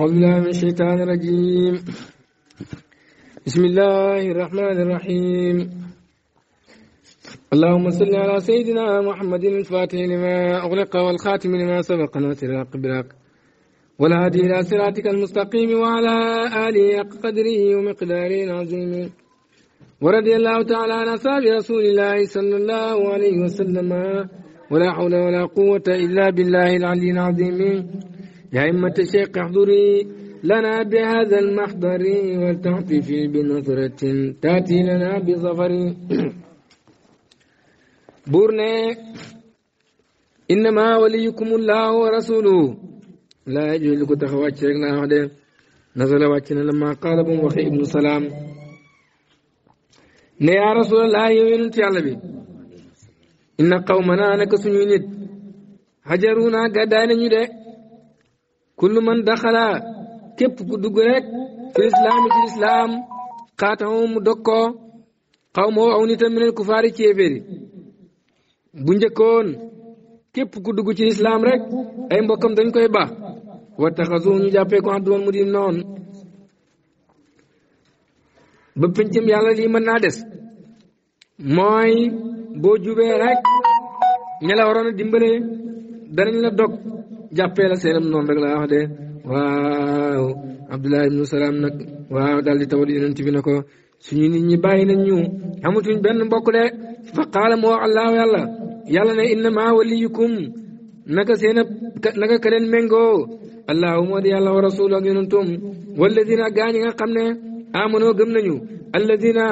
أعوذ بالله من الشيطان الرجيم بسم الله الرحمن الرحيم اللهم صل على سيدنا محمد الفاتح لما أغلق والخاتم لما سبق ناصر براق والهادي إلى صراطك المستقيم وعلى آله قدره ومقداره العظيم ورضي الله تعالى عن أصحاب رسول الله صلى الله عليه وسلم ولا حول ولا قوة إلا بالله العلي العظيم يا أمة الشيخ احضري لنا بهذا المحضر ولتعطفي بنظرة تأتي لنا بظفر بورني إنما وليكم الله ورسوله لا يجوز لكم تخوات شركنا أحد نزل واتنا لما قال ابن وخي ابن سلام نيا رسول الله يوين yonent yàlla bi inna qawmana naka suñuy nit hajaruna kullu man daxala képp ku dugg rek fi islaam ci islaam xaatama mu dog ko xawma ma aw nitam minal kufaari ci yéeféeri bu njëkkoon képp ku dugg ci islaam rek ay mbokkam dañ koy ba wattaxasu ñu jàppee ko addoon mu di noonu ba pëncëm yàlla lii mën naa des mooy boo jubee rek ña waroon a dimbale danañ la dog jàppee la seenam noonu rek laa wax de waaw abdullah ibnu salaam nag waaw daal di tawal yonent bi ne ko suñu nit ñi bàyyi nañ ñu amatuñ benn mbokk de fa qaala moo allahu yàlla yàlla ne innama waliyukum naka seen naka ka leen allahu moo di yàlla wa rasulu ak yonentum walladina gaa ñi nga xam ne amanoo gëm nañu alladina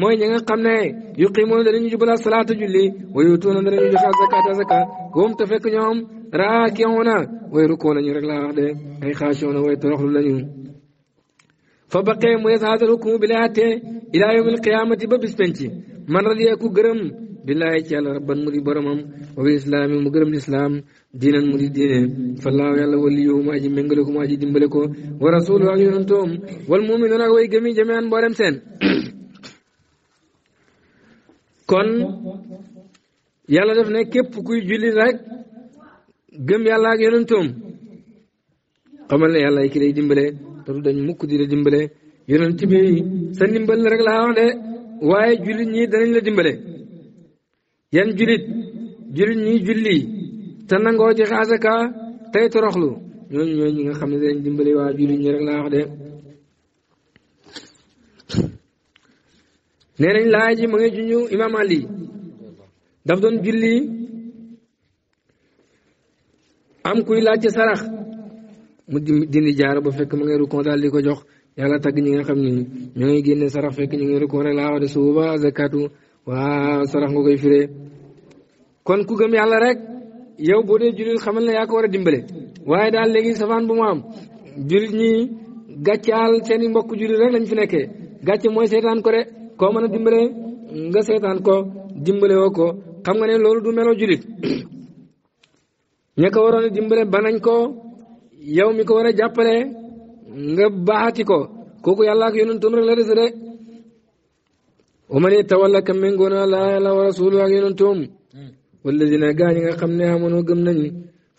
mooy ñi nga xam ne yuqimuuna danañu jubala salaata julli wa yutuuna danañu joxe zakata zaka wom te fekk ñoom raakiuuna way rukkoo lañu rek laa wax de ay xaashoona way toroxlu lañu fa baqee mu des haadal hukumu bi lay attee ilaa ba bis man radiya ku gërëm billaahi ci yàlla rabban mu di boromam wa bi islaami gërëm lislaam diinan mu di diine fallaahu yàlla waliyuhu aji méngale ko mu aji dimbale ko wa rasuluhu ak yonantoom wal muminuun ak way gëmi jamian mboolem seen kon yàlla def ne képp kuy julli rek gëm yàlla ak yonentoom xamal na yàlla ki dimbale te dañ mukk di la dimbale yonent bi sa ndimbal rek la wax de waaye jullit ñi danañ la dimbale yan jullit jullit ñi julli te nangoo joxe asaka tey toroxlu ñooñu ñooñu nga xam ne danañ dimbale waa jullit ñi rek laa wax de nee nañ laaj ma ngi junj Imam Ali daf doon julli am kuy laaj ci sarax mu dindi jaar ba fekk ma ngay rukkoon daal di ko jox yàlla tagg ñi nga xam ne ñoo ngi génne sarax fekk ñu ngi rukkoon rek laa wax de suba zakatu waaw sarax nga koy firee kon ku gëm yàlla rek yow boo dee jullit xamal ne yaa ko war a dimbale waaye daal léegi safaan bu mu am jullit ñi gàccaal seen i mbokk jullit rek lañ fi nekkee gàcc mooy seetaan ko de koo mën a dimbale nga seetaan ko dimbale woo ko xam nga ne loolu du meloo jullit ña ko waroon dimbale banañ ko yow mi ko war a jàppale nga baaxati ko kooku yàlla ak yonentam rek la des de omane tawalla ka méngoo laa yàlla wa rasulu ak yonentam walladina gaa ñi nga xam ne amoonoo gëm nañ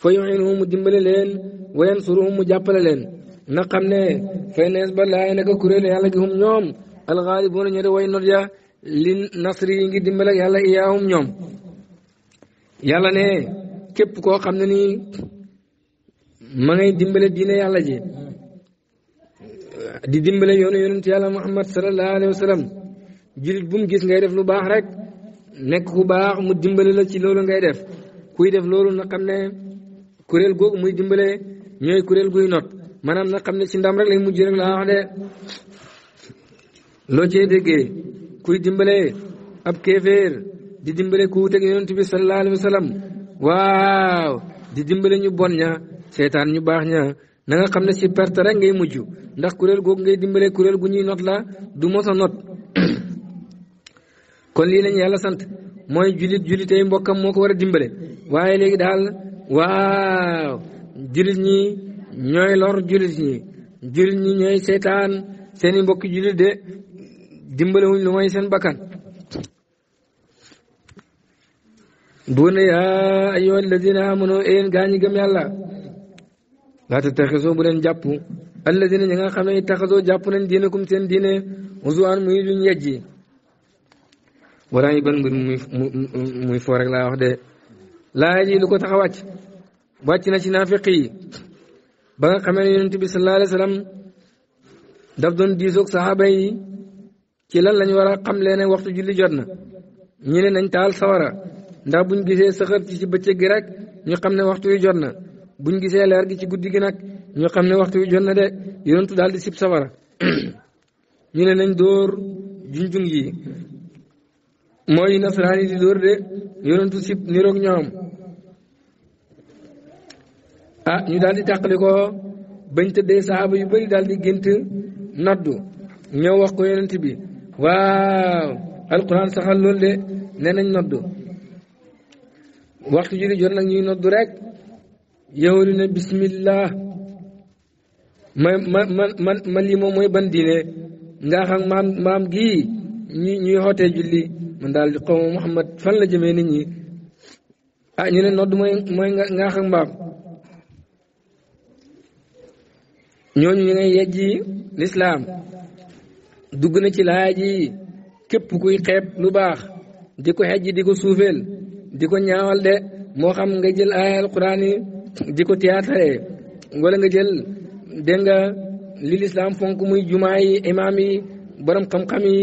fa yuinuhu mu dimbale leen wa yansuruhu mu jàppale leen na xam ne fay nees ba laa naka kuréelu yàlla gi hum ñoom alxaalibuuna ñe de way not ya li nasri yi ngi dimbale yàlla iyaahum ñoom yàlla ne képp koo xam ne ni ma ngay dimbale diine yàlla ji di dimbale yoonu yonentu yàlla muhammad sallallahu alayhi wa sallam bu mu gis ngay def lu baax rek nekk ku baax mu dimbale la ci loolu ngay def kuy def loolu na xam ne kuréel googu muy dimbale ñooy kuréel guy not maanaam na xam ne ci ndam rek lay mujj rek laa wax de loo cee déggee kuy dimbale ab kéeféer di dimbale ku wuteeg yonent bi sallallahu alayhi wa sallam waaw di dimbale ñu bon ña seetaan ñu baax ña nanga xam ne si perte rek ngay mujj ndax kuréel googu ngay dimbale kuréel gu ñuy not la du mos a not kon lii lañu yàlla sant mooy julit julitey mbokkam moo ko war a dimbale waaye léegi daal waaw julit ñi ñooy lor julit ñi julit ñi ñooy seetaan seeni mbokki julit de dimbale wuñ lu mooy seen bakkan bu ne yaa ayyuha alladina amanu e yéen gaa ñi gëm yàlla laa tattaxisoo bu leen jàpp alladina ñi nga xam ne taxasoo jàpp nañ diinakum seen diine usuwaan muy luñ yejji walaa yi ban muy muy foo rek laa wax de laa ji lu ko tax wàcc wàcc na ci naafiq yi ba nga xamee ne yonent bi sallallahu alayhi wa daf doon diisoog saxaaba yi ci lan lañ war a xam leen waxtu julli jot na ñu ne nañ taal sawara ndax buñ gisee saxar ci ci bëccëg gi rek ñu xam ne waxtu wi jot na buñ gisee leer gi ci guddi gi nag ñu xam ne waxtu wi jot na de yonentu daal di sib safara ñu ne nañ dóor junjung yi mooy nasaraan yi di dóor de yonentu sib niroog ñoom ah ñu daldi di tàqali ko bañ tëddee saaba yu bëri daal di gént noddu ñëw wax ko yonent bi waaw alquran saxal loolu de nee nañ noddu waxtu julli jot nag ñuy noddu rekk yow li ne bismillah ma ma ma ma lii moom mooy ban diine nga xam maam maam ñu ñuy xootee julli man daal di xaw ma Muhammad fan la jëmee nit ñi ah ñu ne nodd mooy mooy nga xam mbaam ñooñu ñu ne yejji lislaam dugg na ci laaj yi képp kuy xeeb lu baax di ko xejji di ko suufeel di ko ñaawal de moo xam nga jël ay alquran yi di ko théâtre wala nga jël dégg nga li lislaam fonk muy jumaa yi imaam yi borom xam-xam yi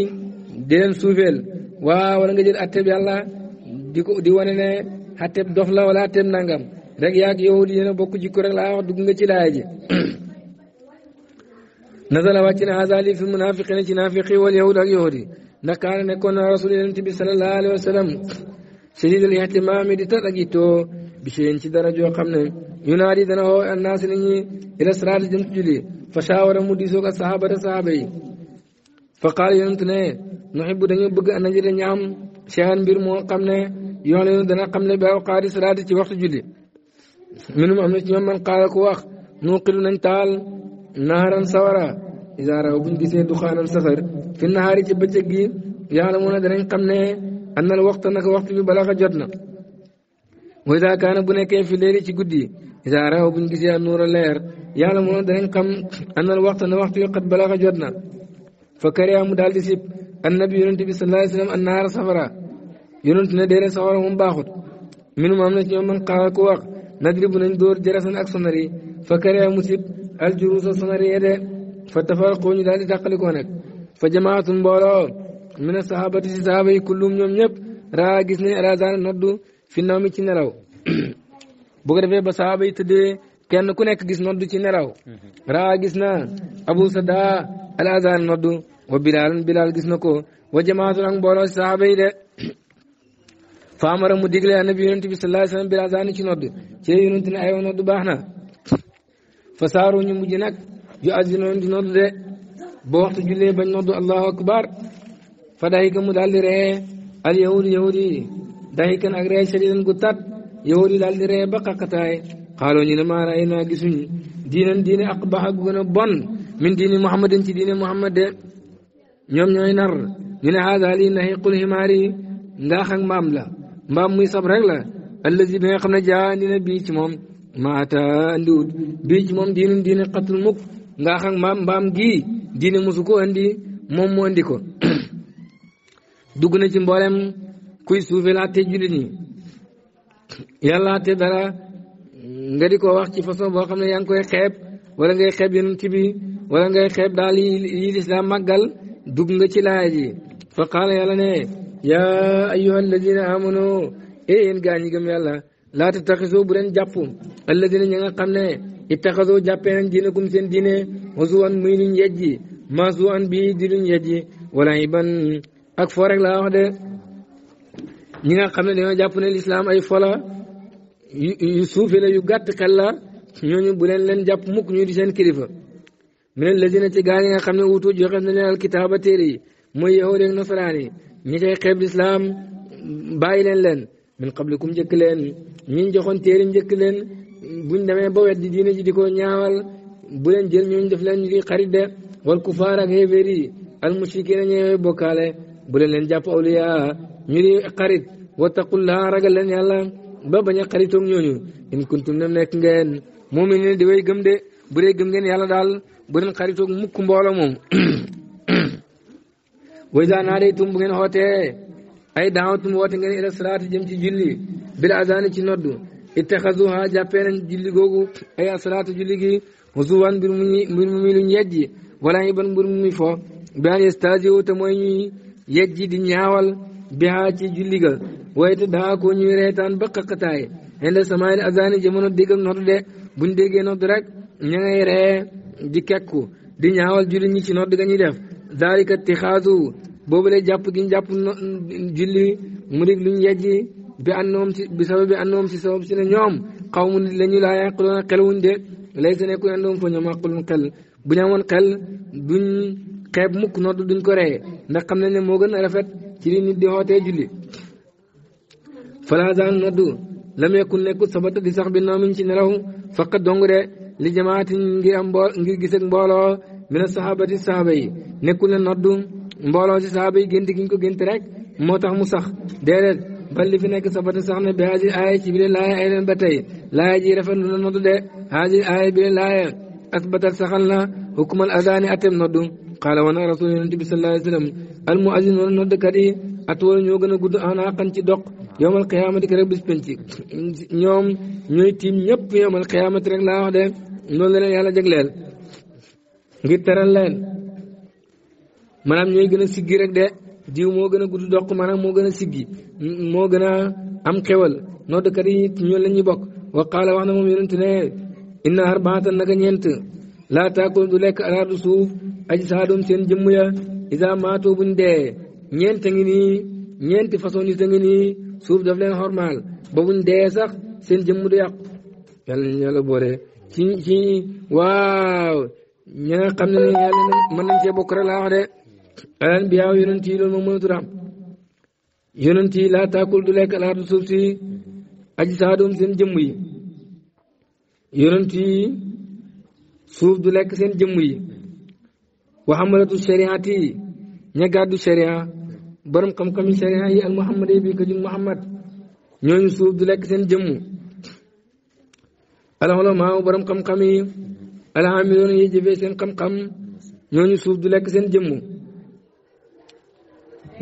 di suufeel waaw wala nga jël atteb yàlla di ko di wane ne atteb dof la wala atteb nangam rek yaag yow di yéen a bokk jikko rek laa wax dugg nga ci laaya ji nazala wàcc na azali fi munafiqina ci naafiqi wal yahud ak yahudi nakaana nekkoon na rasul yonent bi sallallahu alayhi wa sallam shadiidal ihtimaami di tag ak bi shay'in ci dara joo xam ne yunaadi dana woo annaas nit ñi ila salaati jëm ci julli fa shaawara mu diisoog ak saxaabata saxaaba yi fa qaal yonent ne mbir moo xam ne yoon leenu dana xam ne bi awqaati salaati ci waxtu julli minum am na ci ñoom man qaala ku wax nuuqilu nañ taal naharan sawara isaara buñ gisee duxaanan safar fi nahaari ci bëccëg gi yàlla mu ne danañ ne an nal waxta naka waxtu bi balaxa jot na mooy daa kaana bu nekkee fi léeri ci guddi yi isaa raw buñ gisee a nuur a leer yàlla moo danañ waxtu yi xat balaxa jot na fa kariya mu daal di sib annabi yonent bi sallallahu alayhi wasallam an naara safara yonent ne déedéet safara moom baaxut minum am na ci ñoom man xaaral ko wax nadribu nañ dóor jarasan ak sonar fa kariya mu sib aljuruusa sonar yi de fa tafaraqoo ñu daal di tàqalikoo fa jamaatun mbooloo a saxaabati si saxaaba yi kullum ñoom ñëpp raa gis ne razana noddu fi naw mi ci nelaw bu ko defee ba saxaaba te tëddee kenn ku nekk gis noddu ci nelaw raa gis na abu sada al azan noddu wa bilaal gis na ko wa jamaatu nag mbooloo si saxaaba yi de faamara mu digle annabi yonent bi sallallahu alayhi ci noddu ci yonent ne aywa noddu baax na fa saaru ñu mujj nag yu azinoon di noddu de ba waxtu jullee bañ noddu allahu akbar fa day ka mu daal di ree al yahud yahud yi day kan ak ree shadidan gu tat yahud yi daal di ree ba xaqataay xaaloo ñu ne maa naa gisuñ diinan diine aqbaha gu gën bon min diini muhammadin ci diine muhammad ñoom ñooy nar ñu ne haada lii naxiqul ximaar yi ngaax mbaam la mbaam muy sab rek la allazi bi nga xam ne jaa andi na bii ci moom maata andiwut bii ci moom diinun diine xatul mukk ngaax ak mbaam gii diine mosu ko andi moom mu andi ko dugg na ci mboolem kuy suufeel àtte jullit ñi yàlla àtte dara nga di ko wax ci façon boo xam ne yaa ngi koy xeeb wala ngay xeeb yonent bi wala ngay xeeb daal yi lislaam màggal dugg nga ci laaya ji fa qaala yàlla ne yaa ayyuha alladina amanu ee eh yéen gaa ñi gëm yàlla laa tattaxisoo bu leen jàpp alladina ñi nga xam ne ittaxasoo jàppee nañ diinakum seen diine wasuwan muy luñ yejji maasu an bii di luñ yejji wala iban ak foo rek laa wax de ñi nga xam ne dañoo jàpp ne lislaam ay fola yu suufi la yu gàtt xel la ñooñu bu leen leen jàpp mukk ñu di seen kilifa mi leen lazina ci gaa yi nga xam ne wutu joxe na leen alkitaaba téere yi mooy yahud ak nasaraan yi ñi koy xeeb lislaam bàyyi leen leen min qablikum njëkk leen ñiñ joxoon téere njëkk leen buñ demee ba wet di ji di ko ñaawal bu leen jël ñooñu def leen ñu di xarit de wal kufaar ak xéeféer al mushrikiin ñëwee bokkaale bu leen leen jàpp awliyaa ñu di xarit wattaqullaha ragal leen yàlla ba bañ a xaritoog ñooñu in kuntum na nekk ngeen mu'minin di way gëm de bu dee gëm ngeen yàlla daal bu leen xaritoog mukk mbooloo moom wa izaa naadaytum bu ngeen xootee ay daawatum woote ngeen ila salaati jëm ci julli bil azaani ci noddu ittaxazuha jàppee nañ julli googu ay asalaatu julli gi huzuwan mbir mu mbir luñ yejji wala ñu ban fo bi an yastaaziwu mooy ñuy yëg ji di ñaawal bihaa ci julli ga wayte daa ko ñuy reetaan ba xaqataay inde samaani azaani jamono dégg ak nodd de buñ déggee nodd rek ña ngay ree di kekku di ñaawal julli ñi ci nodd ga ñuy def zaalika tixaasu boobu lay jàpp gi ñu jàpp julli mu dig luñ yejji bi annoom ci bi sabab bi annoom ci sabab ci ne ñoom xaw mu nit la ñu a xel wuñ de lay sa nekku andoom fa ñoom àqulun xel bu ñu xel duñ xeeb mukk nodd duñ ko reye ndax xam na ne moo gën a rafet ci li nit di xootee julli falasan noddu lam yakun nekkut sabata di sax bi noomin ci nelaw faqat dong de li jamaatin ngir am mbool ngir gis ak mbooloo mina sahabati sahaba yi nekkul ne noddu mbooloo ci sahaba yi gént giñ ko gént rek moo tax mu sax déedéet bal li fi nekk sabata sax ne bi haajir aaya ci bile laaya ay ba tey laaya ji rafet na noddu de haajir aaya bile laaya asbatal saxal na hukumal qaala wana rasul yonent bi sallallahu alayhi wa sallam al muazin wala noddkat yi at wala ñoo gën a gudd xanaa ci doq yowmal qiyaamati rek bis penc ñoom ñooy tiim ñëpp yowmal qiyaamati rek laa wax de noonu la leen yàlla jagleel ngir teral leen maanaam ñooy gën a siggi rek de jiw moo gën a gudd doq maanaam moo gën a siggi moo gën a am xewal noddkat yi ñoo la bokk wa qaala wax na moom yonent ne inna arbaatan naka ñeent laa taakoon du lekk araadu suuf ajsaadum seen jëmm ya isa maatu buñ dee ñeent a ngi nii ñeenti façon nit a ngi nii suuf daf leen xormaal ba buñ dee sax seen jëmm du yàqu yàlla ñu waaw ña xam ne ne yàlla mën nañ cee bokk rek laa wax de alan biyaaw yonent yi loolu moom mënatu am yonent yi laa taakul du lekk alaardu suuf si ajsaadum seen jëmm yi yonent yi suuf du lekk seen jëmm yi waxamalatu shariati yi ña gàddu sharia borom xam-xami sharia yi al muhammad yi bi ko muhammad ñooñu suuf du lekk seen jëmm alxulamaa borom xam yi seen xam-xam suuf du lekk seen jëmm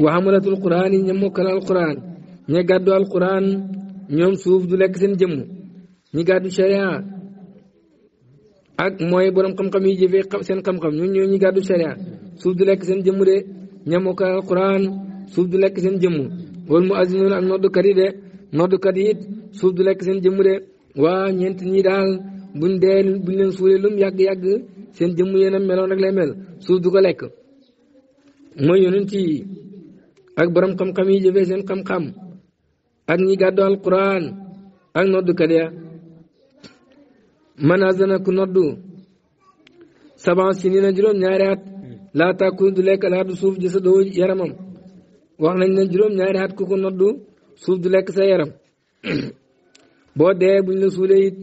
waxamalatul quraan yi ña mokkal al quraan ña gàddu al quraan ñoom suuf du lekk seen jëmm ñi gàddu sharia ak mooy borom xam-xam yi jëfee seen xam-xam ñu ñoo ñu gàddu sharia suuf du lekk seen jëmm de ñamu ko alquran suuf du lekk seen jëmm wal mu ak noddukat yi de noddukat yi it suuf du lekk seen jëmm de waa ñeent ñii daal buñ dee buñ leen suulee lum yàgg-yàgg seen jëmm yéenam meloon rek lay mel suuf du ko lekk mooy yonent yi ak borom xam-xam yi jëfee seen xam-xam ak ñi gàddu alquran ak noddukat ya man azana ku noddu saban si nii na juróom-ñaari at laataa ku du lekk alaatu suuf ji sa doo yaramam wax nañ ne juróom-ñaari at ku ko noddu suuf du lekk sa yaram boo dee buñ la suulee it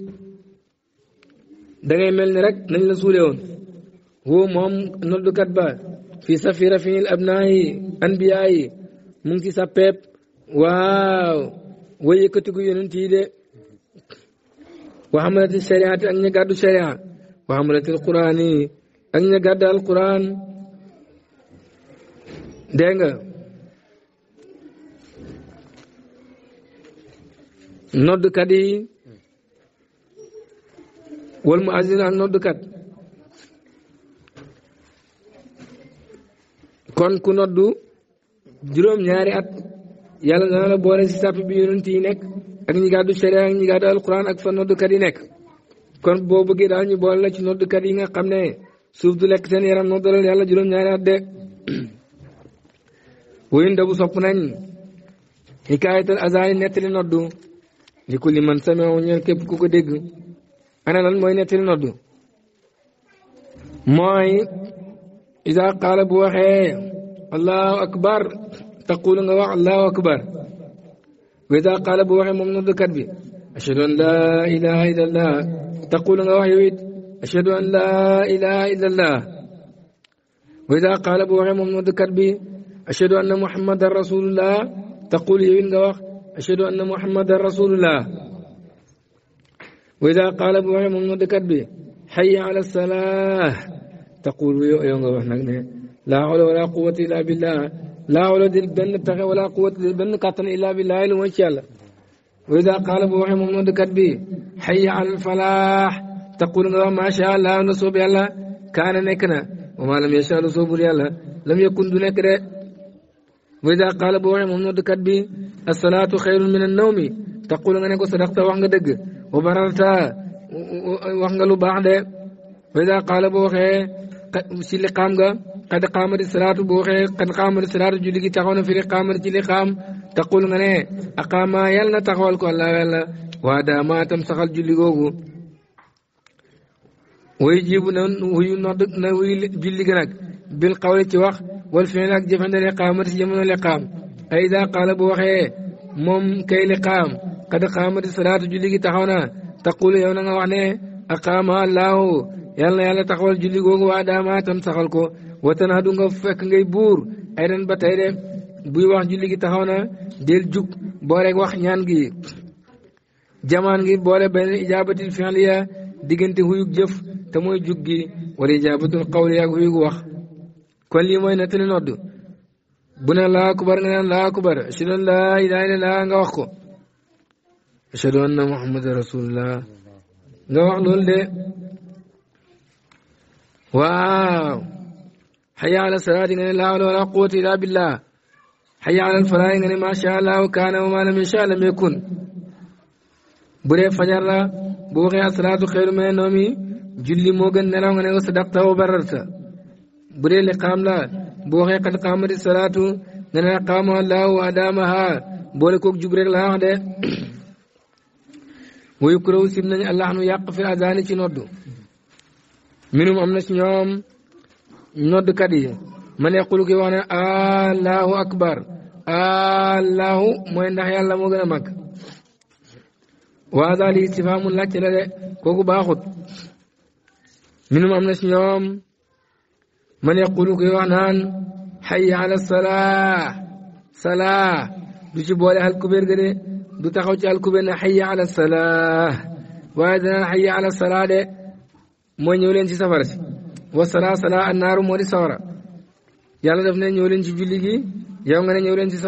dangay mel ni rek nañ la suulee woon woo moom noddukat ba fii safira fiil naa yi anbiyaa yi mu ngi sa peep waaw way yëkkatiku yonent yi wa xamalatil shariati ak ña gàddu sharia wa xamalatil quraan yi ña gàddu alquran dégg nga noddkat yi wal mu azin ak noddkat kon ku noddu juróom ñaari at yàlla dana la boole si sàpp bi yonent nekk ak ñi gàddu ak ñi gàddu alquran ak fa noddukat yi nekk kon boo bëggee daal ñu boole la ci noddukat yi nga xam ne suuf du lekk seen yaram noddalal yàlla juróom-ñaari at de wuyun dabu sopp nañ xikaayatal azaan nettali noddu li ku li man samewu ñeen képp dégg ana lan mooy nettali noddu mooy isa qaala bu waxee allahu akbar taqulu nga wax allahu akbar وإذا قال أبو بوحي ممنوع بكذبه أشهد أن لا إله إلا الله تقول وحي أشهد أن لا إله إلا الله وإذا قال أبو بوحي ممنوع بكذبه أشهد أن محمد رسول الله تقول يوين قواخ أشهد أن محمد رسول الله وإذا قال أبو بوحي ممنوع بكذبه حي على الصلاة تقول يوين قواخ لا حول ولا قوة إلا بالله لا ولا دل بن تغي ولا قوة دل بن قطن إلا بالله إلا وإن شاء الله وإذا قال أبو وحي محمد كتبي حي على الفلاح تقول نعم، ما شاء الله ونصوب يلا كان نكنا وما لم يشاء نصوب يلا لم يكن دونك وإذا قال أبو وحي محمد كتبي الصلاة خير من النوم تقول إن أنك صدقت وعند دق وبررت وعند لبعد وإذا قال أبو وحي سيلي قام xad xaamati salaatu boo waxee xad xaamati salaatu julli gi taxaw na li xaamati ci li nga ne a xaamaa yàlla na taxawal ko allah yàlla waa daa tam saxal julli googu way bil xawle ci wax wal fiil ak jëfande li xaamati ci jamono li xaam ay bu waxee moom kay li xaam xad xaamati salaatu julli gi taxaw na taqul yow na nga wax ne a xaamaa allahu yàlla yàlla taxawal julli googu waa daa tam saxal ko watanaa du nga fekk ngay buur ay ren ba tey de buy wax julli gi taxaw na del jug booleeg wax ñaan gi jamaan gi boole benn ijaabatil fi'liya diggante huyug jëf te mooy jug gi wala ijaabatul qawli ak huyug wax kon lii mooy nettali nodd bu ne laa kubar nga naan laa kubar ashhadu an laa ilaaha illallaah nga wax ko ashhadu anna muhammadan rasulullah nga wax loolu de waaw hayya ala salaati nga ne laa hawla wala quwwata illa billah hayya ala nga ne macha allah kaana wa maa lam yashaa lam yakun bu dee fajar la julli moo nelaw nga ne sadaqta wa bararta bu liqaam la bu waxee qaamati salaatu nga ne qaama allahu wa adaamaha boole koog jub rek laa wax de wayu kuréw sib nañ allahnu yàq fi adaani ci noddu minum am ci ñoom noddkat yi ma ne xulu ki wax ne allahu akbar allahu mooy ndax yàlla moo gën a màgg waa daal yi istifaamu laajte la de kooku baaxut minum am na si ñoom ma ne xulu ki ala salaa salaa du ci boole alkubeer ga de du taxaw ci alkubeer na hayya ala salaa waaye danaan hayya ala salaa de mooy ñëw leen ci safara wasala sala annaaru moo di sawara yàlla daf ne ñëw leen ci julli gi yow nga ne ñëw leen si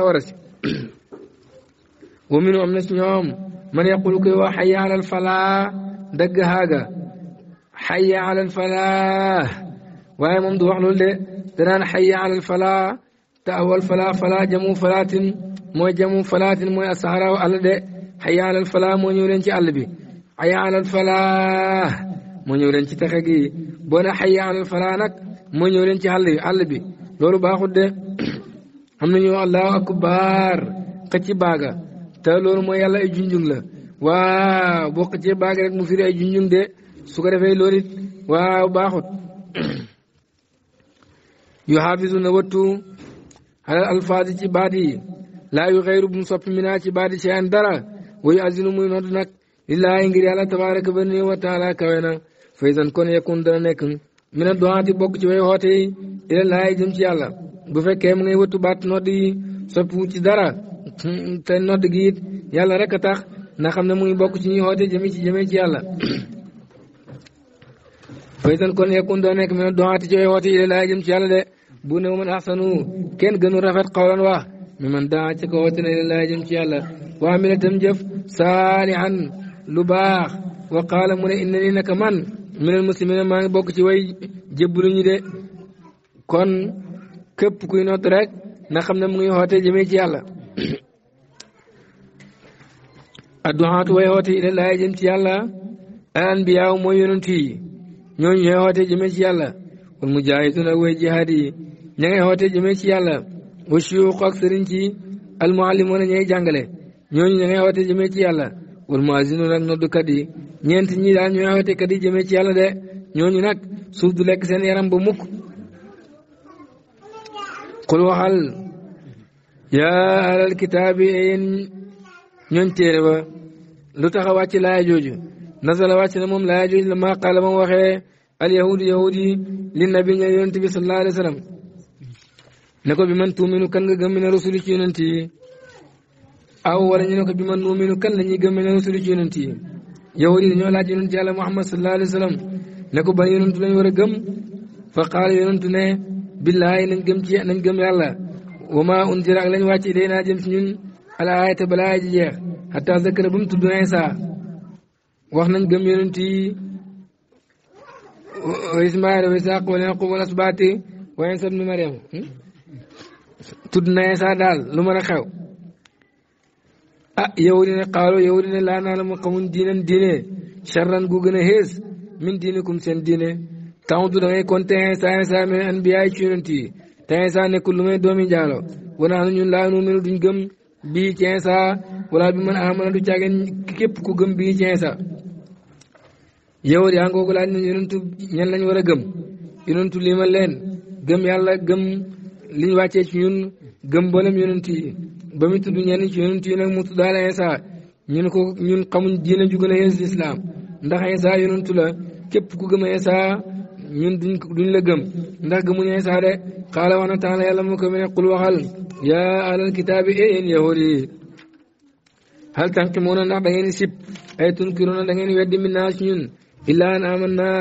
wa minu am na ci ñoom man yaqulu koy wax xayya alal falaa dagg haaga xayya alal falaa waaye moom du wax loolu de danaan xayya alal falaa taawal falaa falaa jamu falaatin mooy jamu falaatin mooy asaaraaw àll de xayya alal falaa moo ñëw leen ci àll bi alal falaa moo ñëw leen ci texe gi boo ne hayya alal falaa nag moo ñëw leen ci àll bi àll bi loolu baaxut de am nañu allahu akbar xëcc baaga te loolu mooy yàlla ay junjung la waaw boo xëccee baaga rek mu firi ay junjung de su ko defee loolu it waaw baaxut yu xaafisu na wattu alal alfaadi ci baat yi laa yu xayru bu mu soppi minaa ci baat yi ci dara wayu azinu muy noddu nag lillaahi ngir yàlla tabaaraka wa taala kawe na faysan kon yakun dana nekk mi ne doxaati bokk ci way xoote ila laay jëm ci bu fekkee mu ngay wëttu baat nodd yi ci dara te nodd gi it yàlla rek a tax na xam ne mu ngi bokk ci ñuy xoote jëme ci jëme ci yàlla faysan kon yakun dana nekk mi ne ci way xoote ila laay jëm ci de bu ne axsanu kenn gënu rafet xawlan wa mi man daa ci ko xoote ila laay jëm ci yàlla waa tam jëf saalihan lu baax wa qaala mu ne inna ni naka minal muslimina maa ngi bokk ci way jébbalu ñu kon képp kuy noot rek na xam ne mu ngi xoote jëmee ci yàlla adduhaatu way xoote ila laay jëm ci yàlla al anbiyaaw mooy yonent yi ñooñu ñooy xoote jëmee ci yàlla wal mujaahiduun ak way jihaad yi ña ngay ci yàlla wa suyuux ak sëriñ ci almuallimuuna ñay jàngale ñooñu ña ngay xoote ci yàlla wal muazinu nag noddukat yi ñeent ñi daal ñooy awetekat yi jëmee ci yàlla de ñooñu nag suuf du lekk seen yaram ba mukk qul waxal yaa ahlal kitaabi yéen ñooñ téere ba lu tax a wàcc laaya jooju nasala wàcc na moom laaya jooju la maa qaala moom waxee al yahudu yahud li nabi ña yonent bi sallallahu alayhi wa ko bi man tuuminu kan nga gëm ci yonent aw wala ñu ne ko bi man nuuminu kan la ñuy gëmme ne ci yonent yi yow yi laaj yonent yàlla muhammad sallallahu alayhi wa sallam ko ban yonent lañ war a gëm fa qaala yonent ne billaahi nañ gëm ci nañ gëm yàlla wa ma unzira ak lañ wàcc iday naa ñun al ayata balaa ji jeex zakara ba mu tudd wax nañ gëm yonent yi Ismaayil wa Isaaq wala Yaquub wala asbaati wa Isa ibnu Maryam hmm? tudd na daal lu mën a xew a ah, yow di ne xaalo yow di ne laa naa la ma xamuñ diinan diine charran gu gën a xees min diinikum seen diine tawdu da ngay kon te sa insa min anbiyaay ci yonent te insa nekkul lu may doomi njaalo wanaa ñun laa nu duñ gëm bii ci insa wala bi man amana du caageen képp ku gëm bii ci insa yow yaa ngoogu laaj nañ yonentu ñan lañ war gëm yonentu limal gëm yàlla gëm li ñu ci ñun gëm mboolem yonent yi ba mu tudd ñenn ci yonent yi mu tudd daal Insa ñu ne ko ñun xamuñ diina ndax Insa yonentu la képp ku gëm Insa ñun duñ duñ la gëm ndax gëmuñ Insa de xaala wax na taala yàlla mu ko mu ne waxal yaa ahlal kitaabi e yéen yahuud yi hal tanqimuuna ndax da ngeen ay tunkiruuna da ngeen weddi min naa illaa aman naa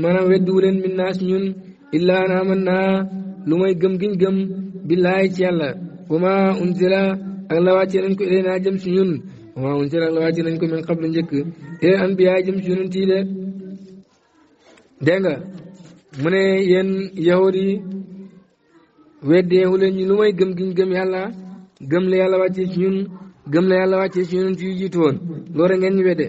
maanaam weddi wu leen min illaa aman naa lu mooy gëm giñ gëm billaahi ci yàlla wa ma unzila ak la wàccee nañ ko ilayna jëm si ñun wa ma unzila ak la wàccee nañ ko min qablu njëkk ilal anbiya jëm si yonent yi de dégg nga mu ne yéen yahud lu may gëm giñ gëm yàlla gëm la yàlla wàccee ci ñun gëm la yàlla wàccee ci yonent yu woon loolu ngeen wedde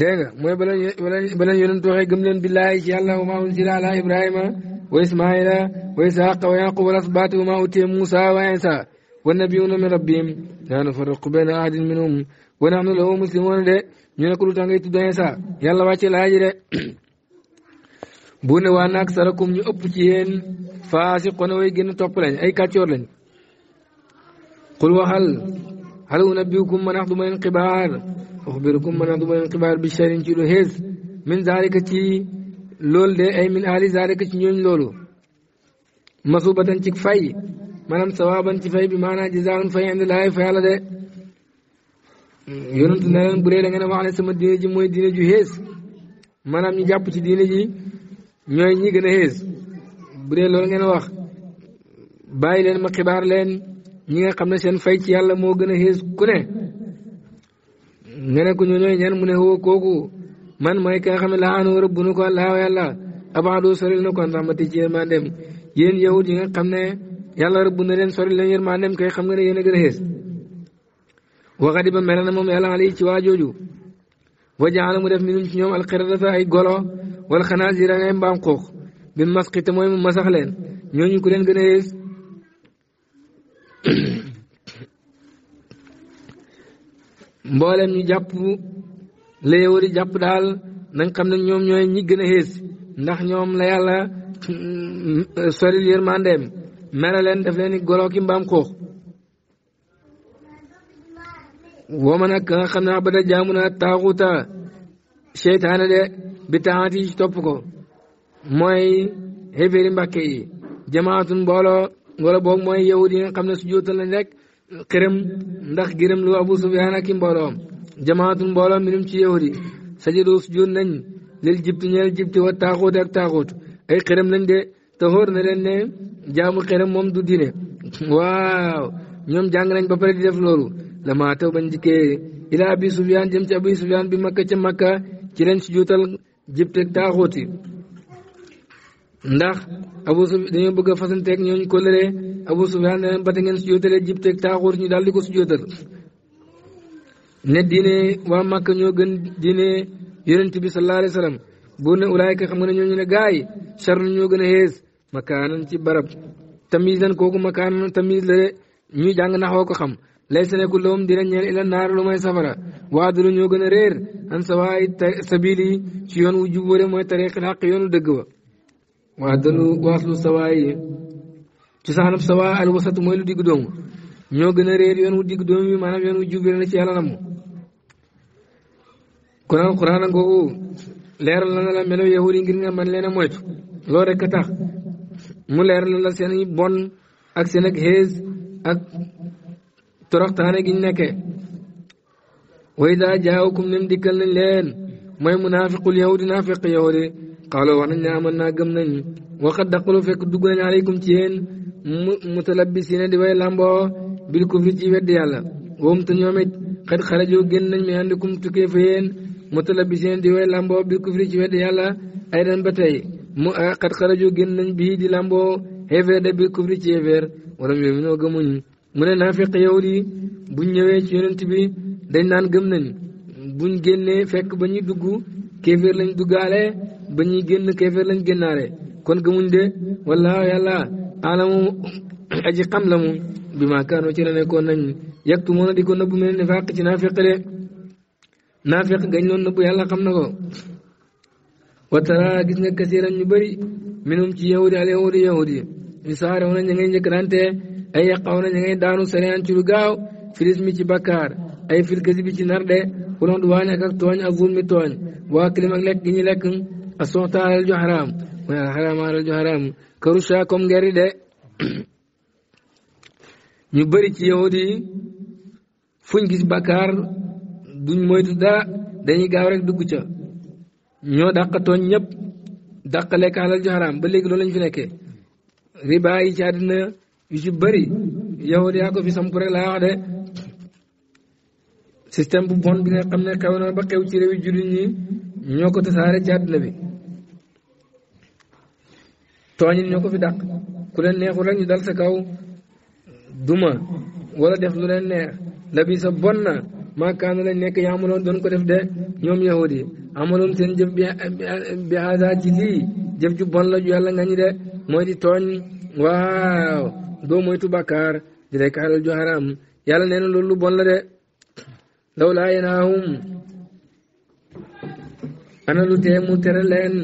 dégg mooy baleen baleen gëm leen billaahi ci yàlla wa ma unzila ala ibrahima وإسماعيل وإسحاق ويعقوب والأصبات وما أوتي موسى وعيسى والنبيون من ربهم لا نفرق بين أحد منهم ونحن له مسلمون ده من كل تنقيت يلا واجه الهاجر بون وانا أكثركم ني أبتين فاسقون ويجن توبلين أي كاتيورلين قل وهل هل أنبئكم من أحد من القبار أخبركم من أحد من القبار بشير تلو هز من ذلك تي loolu de ay min ahli zalika ci ñooñ loolu masubatan ci fay maanaam sawaban ci fay bi maanaam jazaan fay indi laay fa yàlla de yonent na leen bu dee da ngeen a wax ne sama diine ji mooy diine ju ñu jàpp ci diine ji ñooy ñi gën a xees bu dee loolu wax bàyyi leen ma xibaar leen ñi nga xam ne seen fay ci yàlla moo gën a xees ku ne nga ne ko ñoo ñooy ñan mu ne oh, kooku man mooy ka xam ne laa anoo rëbb nu ko allah wa yàlla abaadoo soril na ko rahmati ci yërmandeem yéen yahud yi nga xam ne yàlla rëbb na leen soril leen yërmandeem kay xam nga ne yéen a gën a xees waxati ba mel moom yàlla ali ci waa jooju wa jaala mu def minum ci ñoom alxiradata ay golo wala xanaasira ay mbaam xuux bi maski te mooy mu masax leen ñooñu ku leen gën a yées ñu jàpp léewari jàpp daal nañ xam ne ñoom ñooy ñi gën a xées ndax ñoom la yàlla mm, soril yërmandeem mere leen def leen i goloo ki mbaam xoox wooma nag ka xam ne abada jaamu na taaxuta seytaane de bi taxaat yi topp ko mooy xéféeri mbàkke yi jamaatun mbooloo wala boog mooy yahud yi nga xam ne su jootal lañ rek xërëm ndax gërëm lu abu sufyaan ak mbooloom jamaatun mbooloo minum ci yahud yi sajadoo sujjoon nañ lil jibti ñeel jibti wa taaxoot ak taaxoot ay xërëm lañ de ta xóor na leen ne jaamu xërëm moom du diine waaw ñoom jàng nañ ba pare di def loolu lama taw bañ dikkee ilaa abi sufyaan jëm ci abi sufyaan bi makka ca makka ci lañ sujjootal jibti ak taaxoot ndax abu sufyaan dañoo bëgg a fasanteeg ñooñu ko lëree abu sufyaan ne leen ba te ngeen sujjootalee jibti ak taaxoot ñu daal di ko sujjootal ne diine waa Màkka ñoo gën diine yonent bi sallallahu alayhi wa sallam bu ne ulaayka xam nga ne ñooñu ne gaa yi charnu ñoo gën a xees makaanan ci barab tamisan kooku makaanan tamis la de ñuy jàng naxoo ko xam lay sa nekkul loom dina ñeel ila naar lu may safara ñoo gën a réer an sawaay sabil yi ci yoon wu jub wala mooy tariqil xaq yoonu dëgg wa waadalu waaslu sawaay ci saxanab sawa al wasat mooy lu digg doomu ñoo gën a réer yoon wu digg doomu bi maanaam yoon wu ci yàlla kon alquran leeral na la melo yahud ngir nga man leen a moytu loo rek a tax mu leeral na la seen i bon ak seen ak xees ak toroxtaane gi ñu nekkee way daa jaawukum nem dikkal nañ leen mooy munaafiqul yahudi naafiq yahudi xaaloo wax nañ ne aman naa gëm nañ waxat daqalu fekk dugg nañ aleykum ci yéen mu mutalabisiina di way lamboo bil kufri ci weddi yàlla woom te ñoom it xat xarajoo génn nañ mais andikum tukkee fa yéen mutalabisiin di way lamboo bil kufri ci wedd yàlla ay ren ba tey mu xat xaraju génn nañ bii di lamboo xeefeer de bil kufri ci xeefeer wala yow mi noo gëmuñ mu ne naafiq yow di buñ ñëwee ci yonent bi dañ naan gëm nañ buñ génnee fekk ba ñuy dugg kéeféer lañ duggaale ba ñuy génn kéeféer lañ génnaale kon gëmuñ de wala yàlla alamu aji xam la mu bi ma kaanoo ci la nekkoon nañ yàgtu moo na di ko nëbb mel ne fàq ci naafiq de naafiq gañ loon nëbbu yàlla xam na ko watara gis nga kasiran ñu bëri minum ci yahudi al yahudi yahudi yu saare ña ngay njëkkalante ay yaqaw na ña ngay daanu sariyaan ci lu gaaw filis mi ci bakkaar ay fil kasi bi ci narde waloon du waañ ak ak tooñ ak zulmi tooñ waa kilim ak lekk gi ñu lekk a soxta alal ju xaraam mooy al alal ju xaraam karusha comme ngeri de ñu bëri ci yahudi fuñ gis bakkaar duñ moytu daa dañuy gaaw rek dugg ca ñoo dàq tooñ ñëpp dàq lekk alal ju xaraam ba léegi loolu lañ fi nekkee riba yi ci àddina yu ci bëri yow yaa ko fi samp rek laa wax de système bu bon bi nga xam ne xew na ba xew ci réew yi jullit ñi ñoo ko tasaare ci àddina bi tooñin ñoo ko fi dàq ku leen neexul rek ñu dal sa kaw duma wala def lu leen neex la bi sa bon na maakaana la nekk yaamaloon doon ko def de ñoom yahud yi amaloon seen jëf bi bi hada ju bon la ju yàlla ngañ de mooy di tooñ waaw doo moytu bàkkaar di rekk alal ju haram yàlla nee na loolu lu bon la de law laa yenaahum ana lu tee tere leen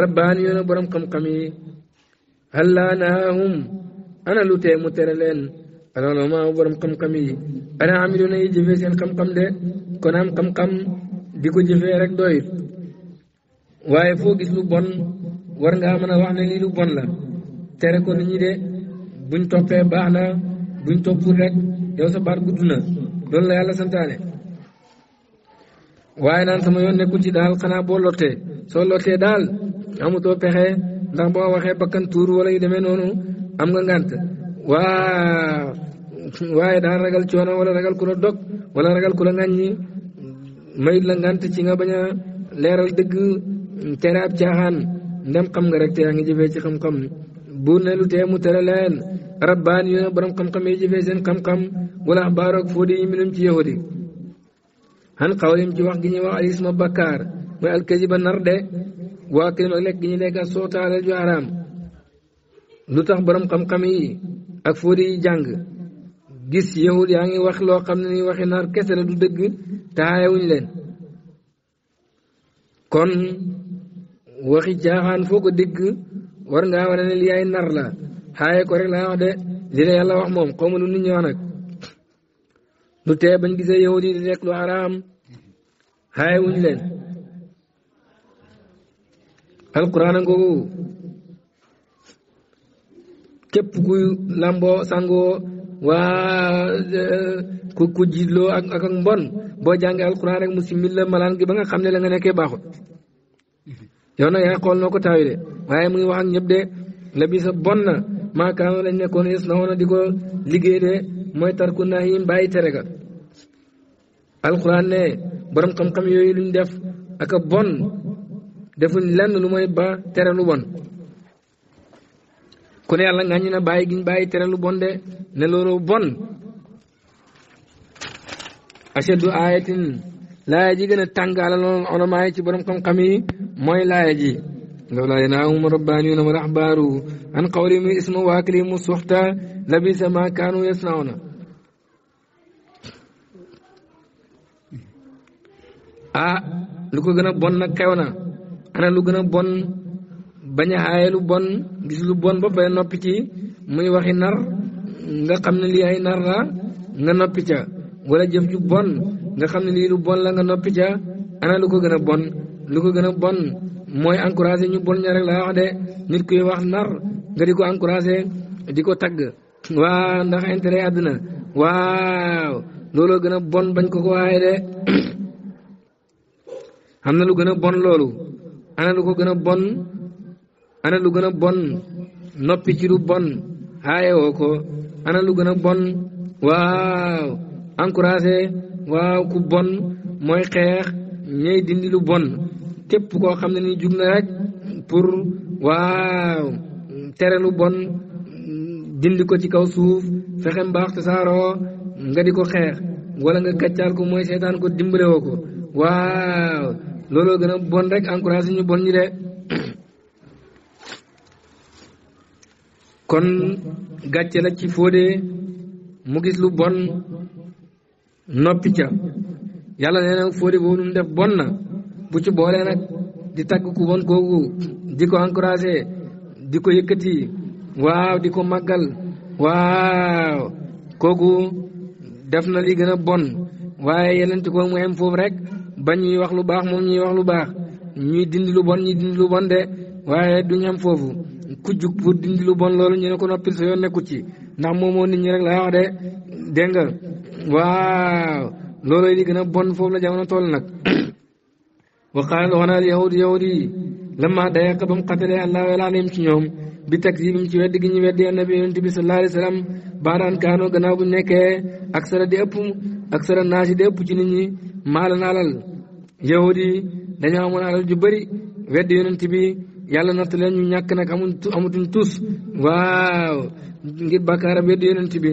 rabbaan yoona borom xam-xam yi hal laa naahum ana lu tee mu tere leen alors ma borom xam kam yi ana amilu na yi jëfee seen xam-xam de kon am kam xam di ko jëfee rek doyut waaye foo gis lu bon war nga mën a wax ne lii lu bon la tere ko nit de buñ toppee baax na buñ toppul rek yow sa baat gudd na loolu la yàlla santaane waaye naan sama yoon nekkul ci daal xanaa boo lottee soo lottee daal amutoo pexe ndax boo waxee bakkan tuur wala yu demee noonu am nga ngànt waa waaye daal ragal coono wala ragal ku la dog wala ragal ku la ŋàññi mayut la ngant ci nga bañ a leeral dëgg tere ab caaxaan ndem xam nga rek te yaa ngi jëfee ci xam-xam buur ne lu tee mu tere leen rabbaan yu ne borom xam-xam yi jëfee seen xam-xam wala axbaaroog foo di yi minum ci yahudi xan xawalim ci wax gi ñuy wax al isma bakkaar mooy alkaziba nar de waa kilim ak lekk gi ñu lekk ak sootaale ju araam lu tax borom xam-xam yi ak foo jàng gis yahud yaa ngi wax loo xam ne ni waxi naar kese la du dëgg taayewuñ leen kon waxi caaxaan foo ko dégg war ngaa wane ne li nar la xaaye ko rek laa wax de li la yàlla wax moom xaw ma lu nit ñoo nag lu tee gisee yahud di lekk lu araam xaayewuñ leen alquran a ngoogu képp kuy lamboo sangoo waa eh, ku ku jiitloo ak ak mbon boo jàngee alquran rek mu simil malaan gi ba nga xam ne la nga nekkee baaxut yow nag yaay xool noo ko taawi de waaye mu ngi wax ak ñëpp de la bi sa bon na maakaano lañ nekkoon es na woon di ko liggéey de mooy tarku naa yin bàyyi tere ga alquran ne borom xam-xam yooyu luñ def aka bon defuñ lenn lu mooy ba tere lu bon ku ne yàlla ngañ na bàyyi giñ bàyyi tere lu bon de ne loolu bon ashadu ayatin laaya ji gën a tàngaala loolu olamaa yi ci borom xam-xam mooy laaya ji lawlaa yanhaahum rabbaaniyuuna wal ahbaaru an qawlihim isma wa aklihim suxta labisa ma kaanu yasnauna ah lu ko gën a bon nag xew na ana lu gën a bon bañ a lu bon gis lu bon ba bay noppi ci muy waxi nar nga xam ne lii ay nar la nga noppi ca wala jëf ju bon nga xam ne lii lu bon la nga noppi ana lu ko gën a bon lu ko gën a bon mooy encouragé ñu bon ña rek laa wax de nit kuy wax nar nga di ko encouragé di ko tagg waa ndax intérêt àdduna waaw gën a bon bañ ko ko waaye na lu gën a loolu ana lu ko gën bon ana lu gën a bon noppi ci lu bon aaye woo ko ana lu gën a bon waaw encouragé waaw ku bon mooy xeex ñey dindi lu bon képp koo xam ne ni jug na rek pour waaw tere lu bon dindi ko ci kaw suuf fexe mbaax te saaroo nga di ko xeex wala nga gàccaal ko mooy seetaan ko dimbale ko waaw looloo gën a bon rek encouragé ñu bon ñi de kon gàcce la ci fóodee mu gis lu bon noppi ca yàlla nee na fóode boobu nu def bon na bu ci boolee nag di tagg ku bon kooku di ko encouragé di ko yëkkati waaw di ko màggal waaw kooku def na li gën a bon waaye yenente ko mu em foofu rek ba ñuy wax lu baax moom ñuy wax lu baax ñuy dindi lu bon ñuy dindi lu de waaye duñ am foofu ku jug pour dindi lu bon loolu ñu ne ko noppil sa yoon nekkut ci ndax moomoo nit ñi rek la wax de dégg nga waaw loolooy li gën a bon foofu la jamono toll nag wa qaala waxnaal yahud yahud yi lamma dayaqa a mu xatalee allah wala alayhim ci ñoom bi takzibim ci wedd gi ñu weddi annabi yonent bi sallallahu alayhi wa sallam baadaan kaanoo gannaaw bu di ëpp ak naasi di ëpp ci nit ñi maalan alal yahud yi dañoo amoon alal ju weddi yonent bi yàlla natt leen ñu ñàkk nag amuñ amutuñ tus waaw ngir bàkkaara bi yonent bi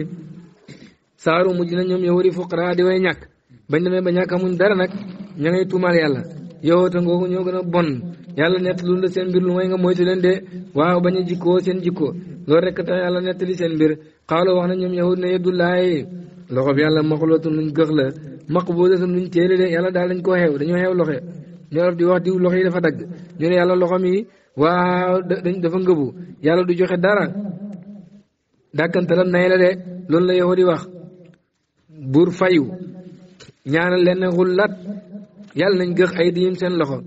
saaru mujj na ñoom yow wari fuqara di way ñàkk bañ demee ba ñàkk amuñ dara nag ña ngay tuumaal yàlla yow te ngooku ñoo gën a bon yàlla nett lu seen mbir lu may nga moytu leen a jikkoo seen jikkoo loolu rek tax yàlla nettali seen mbir xaalo wax na ñoom yahud ne yeddullaay loxo bi yàlla maxlootun luñ gëx la maqbudatun luñ téere de yàlla daal dañ ko xeew dañoo xeew loxe ñoo di wax diw loxo yi dafa dagg ñu ne yàlla loxo mi waaw dañ dafa ngëbu yàlla du joxe dara dàkkantalam nay la de loolu lay di wax buur fayu ñaanal leen xullat yàlla nañ gëx ay diim seen loxo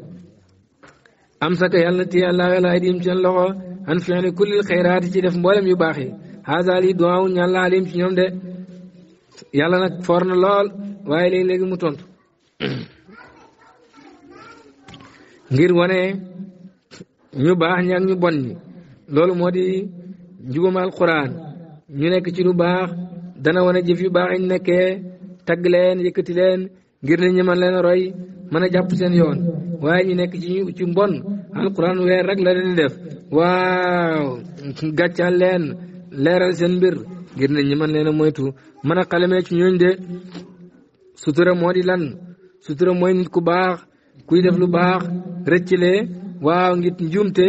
am saka yàlla na téye àllaa ay diim seen loxo an fi'li kullil xayraati ci def mboolem yu baax yi haasa lii duwaawu laa la alim ci ñoom de yàlla nag foor na lool waaye léegi-léegi mu tontu ngir wane ñu baax ñi ñu bon ñi loolu moo di njugumaal quraan ñu nekk ci lu baax dana wane jëf yu baax yi ñu nekkee tagg leen yëkkati leen ngir nit ñi mën leen roy mën a jàpp seen yoon waaye ñu nekk ci ci mbon alquran weer rek la leen di def waaw gàccal leen leeral seen mbir ngir nit ñi mën leen a moytu mën a xalamee ci ñooñ de sutura moo di lan sutura mooy nit ku baax kuy def lu baax rëccile waaw ngir njuumte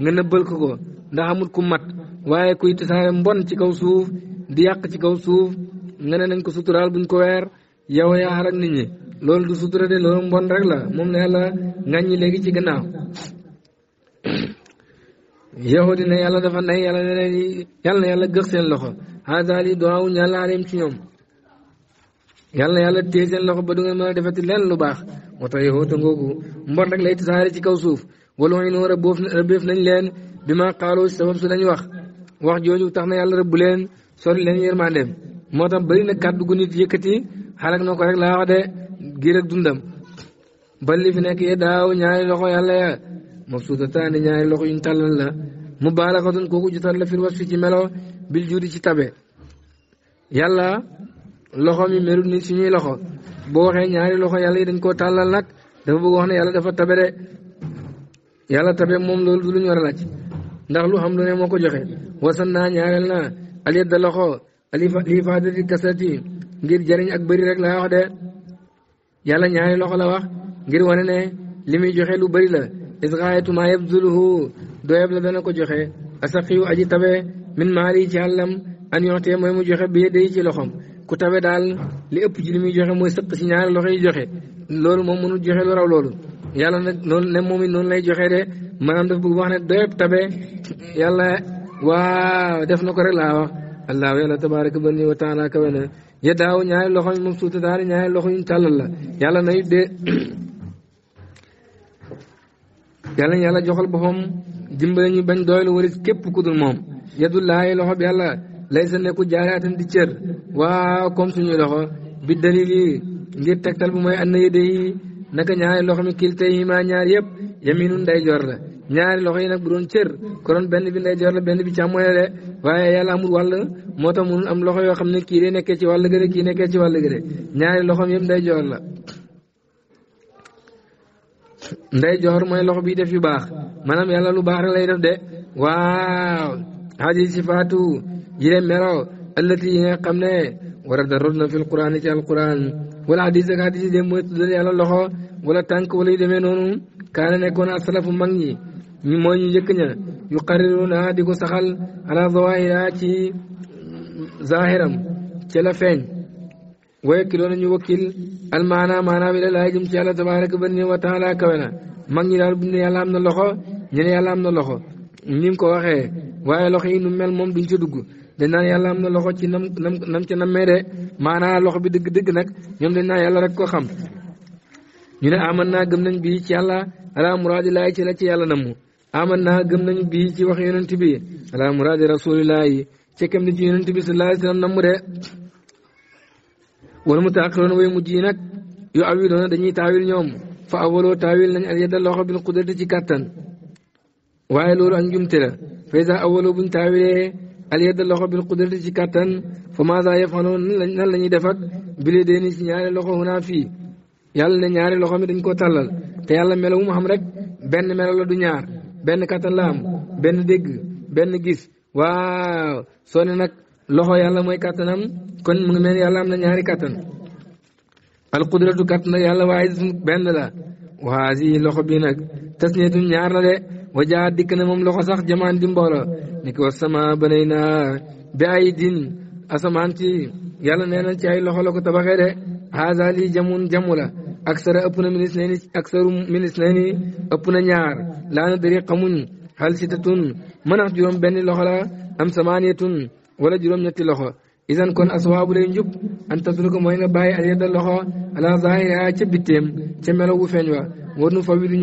nga nëbbal ko ko ndax ku mat waaye kuy tasaare mbon ci kaw suuf di yàq ci kaw suuf nga nañ ko suturaal buñ ko weer yow yaa xar ak nit ñi loolu du sutura de loolu mbon rek la moom la yàlla ŋàññi léegi ci gannaaw yahudi ne yàlla dafa nay yàlla ne leen yàlla yàlla seen loxo haga li doaw ñàlla arim ci ñoom yàlla yàlla téye loxo ba du ngeen mën a defati leen lu baax moo tax yow ci kaw suuf wala yi noonu rëbboof rëbbeef nañ leen bi ma xaaloo si sabab su lañ wax wax jooju tax na yàlla rëbb leen sori leen yërmandeem moo tax bëri na kàddu gu nit yëkkati xalak na ko rek laa wax de gii rek dundam balli fi nekk daaw ñaari loxo yàlla ya mabsuutataani ñaari loxo yuñ tàllal la mu baalaxatun kooku jotal la fir was fi ci melo bil juudi ci tabe yàlla loxo mi melut ni suñuy loxo boo waxee ñaari loxo yàlla yi dañ koo tàllal nag dafa bëgg yàlla dafa tabe yàlla tabe moom loolu du lu ñu war a ndax lu xam lu ne moo ko joxe wasan naa ñaareel naa alyedda loxo lii faadati kasrati ngir jariñ ak bëri rek laa wax de yàlla ñaari loxo la wax ngir wane ne li muy joxe lu bëri la isgaayatu maa yabzuluhu dooyab la dana ko joxe asaqiyu aji tabe min maali ci àllam an yoxtee mooy mu joxe bi day ci loxoom ku tabe daal li ëpp ci li muy joxe mooy sëq si ñaari loxo yi joxe loolu moom mënul joxe lu raw loolu yàlla nag noonu ne moom it noonu lay joxe de maanaam daf bëgg wax ne doyeb tabe yàlla waaw def na ko rek laa wax allahu yàlla tabaraka bani wa taala kawe na ya loxo yu mabsuuta daal ñaari loxo yuñ la yàlla na it de yàlla na joxal boppam dimbale ñu bañ doylu waris képp ku dul moom yadullaahi loxo bi yàlla lay sa nekku jaaraatam di cër waaw comme suñuy loxo bi dalil ngir tegtal bu mooy an na yedde naka ñaari loxo mi kilte yi ma ñaar yëpp yaminu ndeyjoor la ñaari loxo yi nag bu doon cër ko benn bi ndeyjoor la benn bi càmmoñ la de waaye yàlla amul wàll moo tax munul am loxo yoo xam ne kii day nekkee ci wàll gëre kii nekkee ci wàll gëre ñaari loxoom yëpp ndeyjoor la ndeyjoor mooy loxo bi def yu baax maanaam yàlla lu baax rek lay def de waaw hadi sifaatu yi de mero ëllëti xam ne ولا درنا في القران جاء القران ولا حديث جاء حديث دم يتدل على الله ولا تانك ولا يدمنون كان نكون اسلف مغني ني مو ني يك نيا يقررون ديكو سخال على ظواهر اكي ظاهرا كلا فين ويكلون ني وكيل المعنى معنى الى الله جل جلاله تبارك وتعالى كبنا مغني دار بن يالله امنا لخو ني يالله امنا لخو نيم كو واخه واي لخو ني مل موم دنج دغ dañ naan yàlla am na loxo ci nam nam nam ca nammee de maanaa loxo bi dëgg-dëgg nag ñoom dañ naan yàlla rek koo xam ñu ne aman naa gëm nañ bii ci yàlla ala muraadi laay ci la ci yàlla namu aman naa gëm nañ bii ci wax yonent bi ala muraadi rasulillahi ci kam ni ci yonent bi sallallahu alayhi wa sallam namu de wala mu taaxiroon way mujj yi nag yu awiloona dañuy taawil ñoom fa awaloo taawil nañ al yedda loxo bil qudrati ci kàttan waaye loolu ak njumte la faysa awaloo buñ taawilee al yadda loxo bil qudrati ci kàttan fa maasa yafaloon nan la ñuy def ak bile deeni ci ñaari loxo hunaa fii yàlla ne ñaari loxo mi dañ koo tàllal te yàlla melawu mu xam rek benn melaw la du ñaar benn kàttan la am benn dégg benn gis waaw soo ne nag loxo yàlla mooy kàttanam kon mu ngi mel yàlla am na ñaari kàttan al qudratu kàttan yàlla waaye benn la waa si loxo bi nag tasniyatun ñaar la de wajaat dikk na moom loxo sax jamaan di mboolo ni ko sama banay na bi ay din asamaan ci yàlla nee na ci ay loxo la ko tabaxee de haasa lii jamun jamu la aksara ëpp na minis nee ni aksaru minis nee ni ëpp na ñaar laa na dari xamuñ xal sitatun mën ax juróom benn loxo la am samaaniyatun wala juróom ñetti loxo isan kon aswaabu lay njub an tatruka mooy nga bàyyi al yedda loxo ala zahiriha ca bitteem ca melo wu feeñ wa war nu fawi du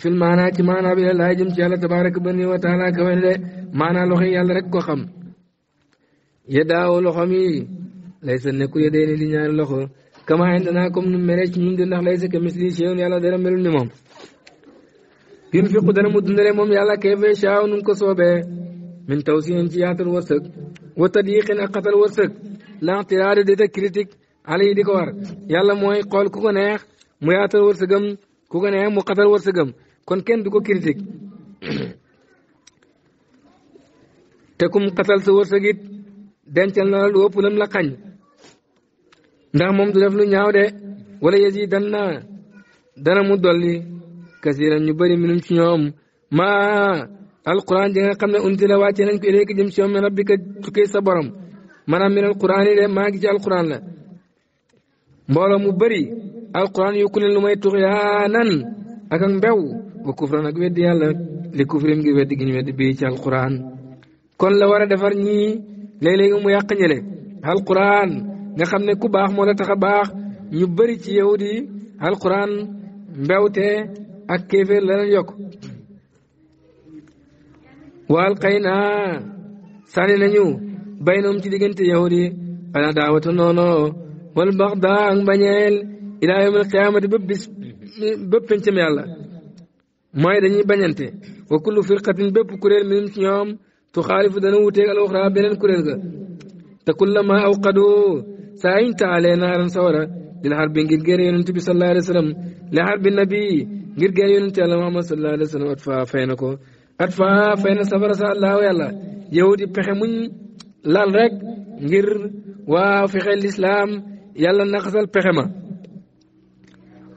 fil maanaa ci maanaa bi la laay jëm ci yàlla tabaaraka bani wa taala de maanaa loxo yi yàlla rek ko xam yedaaw loxoom yi lay sa nekku yedee ni di ñaari loxo kama danaa comme nu mere ci ñun de ndax lay sa ka misli shay'un yàlla dara melul ni moom yunfiqu dana mu ko soobee min tawsi'in ci yaatal wërsëg wa tadyiqin a xatal wërsëg l'intiraad de ta critique ala yi di ko war yàlla mooy xool ku ko neex mu yaatal wërsëgam koo ko ne mu xatal wërsëgam kon kenn du ko critique te kum xatal sa wërsëg it dencal na lu ëpp lam la xañ ndax moom du def lu ñaaw de wala yesi dan na dana mu dolli kasiran ñu bëri minum ci ñoom ma alquran ji nga xam ne untila wàcce nañ ko ilayka jëm si yow min rabbika tukkee sa borom maanaam min alquran yi de maa ngi ci alquran la mbooloo mu bëri alquran yokku leen lu may tuxyaanan ak ak mbew wa kufran ak weddi yàlla li kufrim ngi weddi gi ñu weddi bii ci alquran kon la war a defar ñii léeg-léegi mu yàq ñële alquran nga xam ne ku baax moo la tax a baax ñu bari ci yow di alquran mbewte ak kéeféer la leen yokk waal xëy naa sànni nañu bay noom ci diggante yahudi ana daawata noono wal baxda ak mbañeel ilaa yawmil qiyaamati ba bis ba pencam yàlla mooy dañuy bañante wa kullu firqatin bépp kuréel minum ci ñoom tu xaalifu dana wuteeg al uxraa beneen kuréel ga te kullama awqadu saa yiñ taalee naaran sawara lil harbi ngir gër yonent bi sallallahu alayhi wa sallam li harbi nabi ngir gër yonent yàlla Muhammad sallallahu alayhi wa sallam at faa fay na ko at faa fay na safara sa allahu yàlla yahud yi pexe muñ laal rek ngir waa fexe lislaam yàlla naqasal pexe ma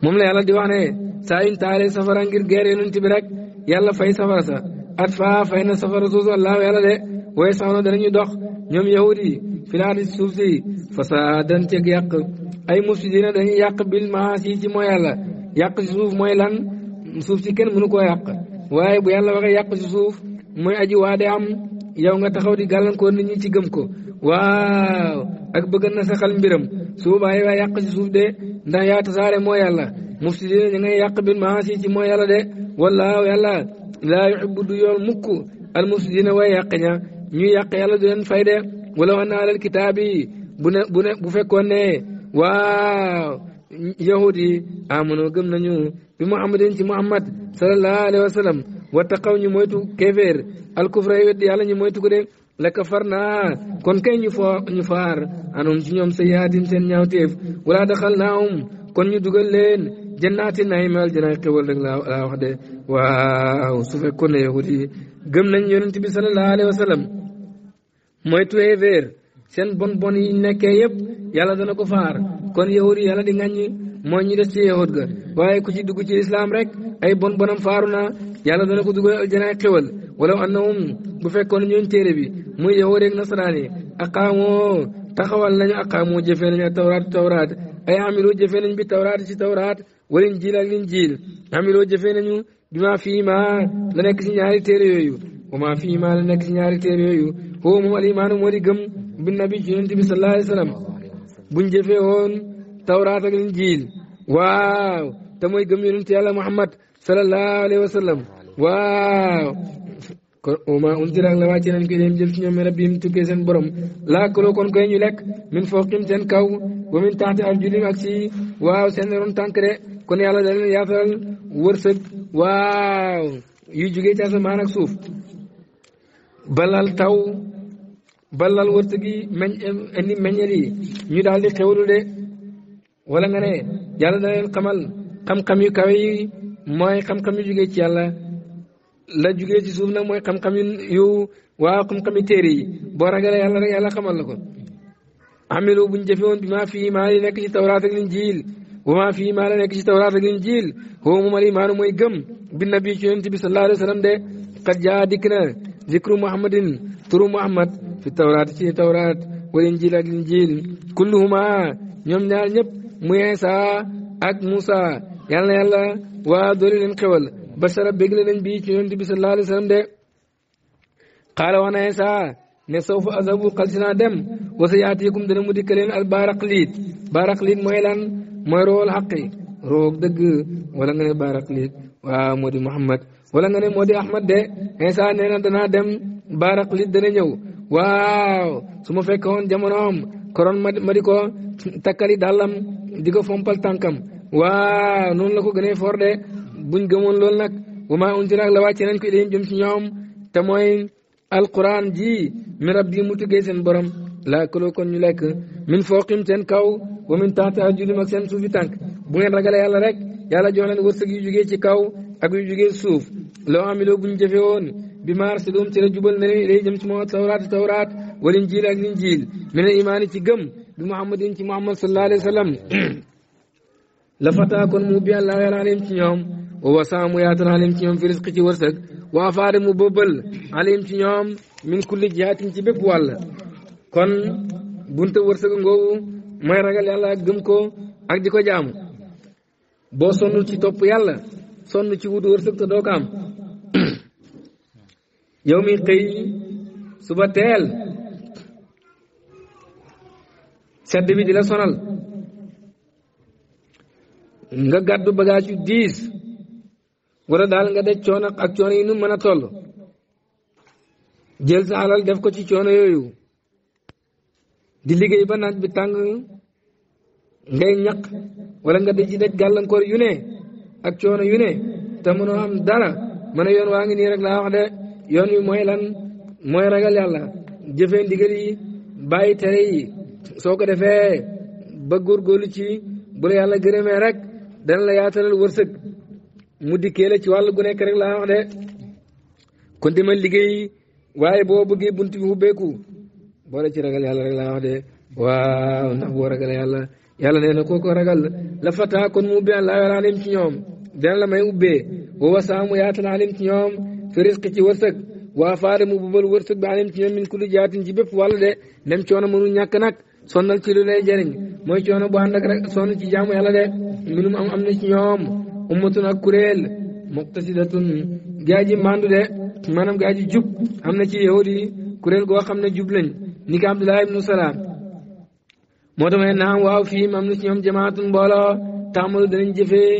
moom la yàlla di wax ne saa yuñ taalee safara ngir geer yonent bi rek yàlla fay safara sa at faa fay na safara suuf allah yàlla de waaye sax danañu dox ñoom yahud yi filaari suuf si fasaadan ceeg yàq ay mufsidina dañuy yàq bil maasi ci mooy yàlla yàq si suuf mooy lan suuf si kenn mënu koo yàq waaye bu yàlla waxee yàq si suuf mooy aji waade am yow nga taxaw di gàllankoor nit ñi ci gëm ko waaw ak bëgg na saxal mbiram suuf ay waa yàq si suuf de ndax yaa tasaare moo yàlla mufsidina ña ngay yàq bil maasi ci moo yàlla de wallaahu yàlla laa yuhibbu du yoon mukk al mufsidina way yàq ña yàlla du leen fay de wala wax naa leen kitaab bu ne bu ne bu fekkoon ne waaw yahud yi amono gëm nañu bi muhammadin ci muhammad sallallahu alayhi wa sallam wattaqaw ñu moytu kéeféer al kufra weddi yàlla ñu moytu ko de lakka far naa kon kay ñu fo ñu faar anum ci ñoom sa yaadim seen ñaawteef wala daxal naahum kon ñu dugal leen jannaati naayim aljanaay xéwal rek laa wax de waaw su fekkoon ne yahud gëm nañ yonent bi sallallahu alayhi wa mooy tuye véer seen bon bon yi nekkee yëpp yàlla dana ko faar kon yahud yi yàlla di ŋàññi mooy ñu des ci yahud ga waaye ku ci dugg ci islam rek ay bon bonam faaru na yàlla dana ko dugal aljanaay xéwal walaw annahum bu fekkoon ñooñ téere bi muy yow rek nasaraan yi aqaamoo taxawal nañu aqaamoo jëfee nañu tawraat tawraat ay amiloo jëfee nañu bi tawraat ci tawraat wala injiil ak injiil amiloo jëfee nañu bi maa fii maa la nekk si ñaari téere yooyu wa maa fii maa la nekk si ñaari téere yooyu foofu moom al imaanu moo di gëm bi nabi ci yonent bi sallallahu alayhi wa sallam buñ jëfee woon tawraat ak injiil waaw te mooy gëm yonent yàlla Muhammad sallallahu alayhi wa sallam waaw kon au moins un jëlaat la wàcce nañ ko dem jël ci ñoom rabbihim tukkee seen borom laakaloo kon koy ñu lekk min fooqim seen kaw wa min taxti arjulim ak ci waaw seen ron tànk de kon yàlla da yu jugee ci asamaan ak suuf balal taw balal wërsëg yi meñ indi yàlla da xamal xam-xam yu kawe yi mooy xam-xam yu jugee yàlla. la jugee ci suuf nag mooy xam-xam yu waa xam-xami téere yi boo ragalee yàlla rek yàlla xamal la ko amilu buñ jëfe woon bi maa fii maa li nekk ci tawraat ak linjiil wa maa fii maa la nekk ci tawraat ak linjiil huwa imaanu mooy gëm bi nabi ci yonent bi sallallahu alayhi wa sallam de qad jaa dikk na zikru muhammadin turu muhammad fi tawraat ci tawraat wal injiil ak linjiil kulluhuma ñoom ñaar ñëpp mu Iisaa ak Muusaa yàlla yàlla waa doole leen xewal basara bég na nañ bii ci yonent bi sallallahu alayhi wa sallam de xaala wax na Isa ne saw fa azabu xal dem wasa yaatiikum dana mu dikka leen al baaraqliit baaraqliit mooy lan mooy rool xaqi roog dëgg wala nga Muhammad wala nga ne moo Ahmad de Isa nee na danaa dem baaraqliit dana ñëw waaw su ma fekkoon jamonoom koron ma ma di ko takkali dàllam di ko fompal tànkam waaw noonu la ko gënee for de buñ gëmoon loolu nag wa maa unzila ak la wàcce nañ ko ilayhim jëm ci ñoom te mooy alquran ji mi rabbi mu tuggee seen borom laa kaloo kon ñu lekk min fooqim seen kaw wa min taxta arjulim ak seen suufi tànk bu ngeen ragale yàlla rek yàlla jox leen wërsëg yu jugee ci kaw ak yu jugee suuf loo amiloo buñ jëfe woon bi maar si doom ci la jubal na leen ilay jëm ci moom tawraat tawraat wala injiil ak injiil min imaani ci gëm bi muhammadin ci muhammad sallallahu alayhi wa sallam la fataa kon mu bi àllaa yàlla ci ñoom wa wasaa mu ci ñoom fi ci wërsëg waa faare mu bëbbal alim ci ñoom min kulli jihaatin ci bépp wàll kon bunta wërsëg ngoogu may ragal yàlla ak gëm ko ak di ko jaamu boo sonn ci topp yàlla sonn ci wut wërsëg te doo ko am yow mi xëy suba teel sedd bi di la sonal nga gàddu bagage diis wala daal nga daj coono ak coono yi nu mën a toll jël def ko ci coono yooyu di liggéey ba naaj bi tàng ngay ñaq wala nga daj ci daj gàllankoor yu ne ak coono yu ne te mënoo am dara mën yoon waa ngi nii rek laa wax de yoon wi mooy lan mooy ragal yàlla jëfee ndigal yi bàyyi tere yi soo ko defee ba góorgóorlu ci bu la yàlla gërëmee rek dana la yaatalal wërsëg muddi keele ci wàll gu nekk rek laa wax de kon dima liggéey waaye boo bëggee bunt bi hubbeeku boo de ci ragal yàlla rek laa wax de waaw ndax boo ragal yàlla yàlla nee na kooko ragal la fata kon mu ubbe an laa yoraa lim ci ñoom dana la may ubbee wa wasaamu yaatana alim ci ñoom fi risqi ci wërsëg waa faare mu bëbal wërsëg bi alim ci ñoom min kulli jaatin ci bépp wàll de nem coono mënu ñàkk nag sonnal ci lu lay jëriñ mooy coono bu àndak rek sonn ci jaamu yàlla de minum am am na ci ñoom ummatun ak kuréel muqtasidatun gaa ji mandu de maanaam gaa ji jub am na ci yahudi yi kuréel goo xam ne jub lañ ni ko Abdullah ibnu Salaam moo tax ma naam waaw fii am na ci ñoom jamaatun mbooloo taamalu danañ jëfee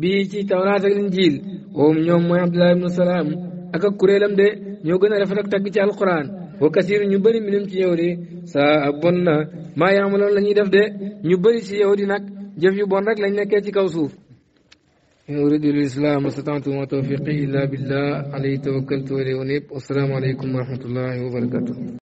bii ci tawraat ak injiil woom ñoom mooy Abdullah ibnu Salaam ak ak kuréelam de ñoo gën a rafet ak tagg ci alxuraan wa kasiir ñu bari minum ci yow di saa ak bon na maa yaamaloon la def de ñu bëri ci yow di nag jëf yu bon rek lañ nekkee ci kaw suuf إن أريد الإسلام ما استطعت وما توفيقي إلا بالله عليه توكلت وإليه أنيب والسلام عليكم ورحمة الله وبركاته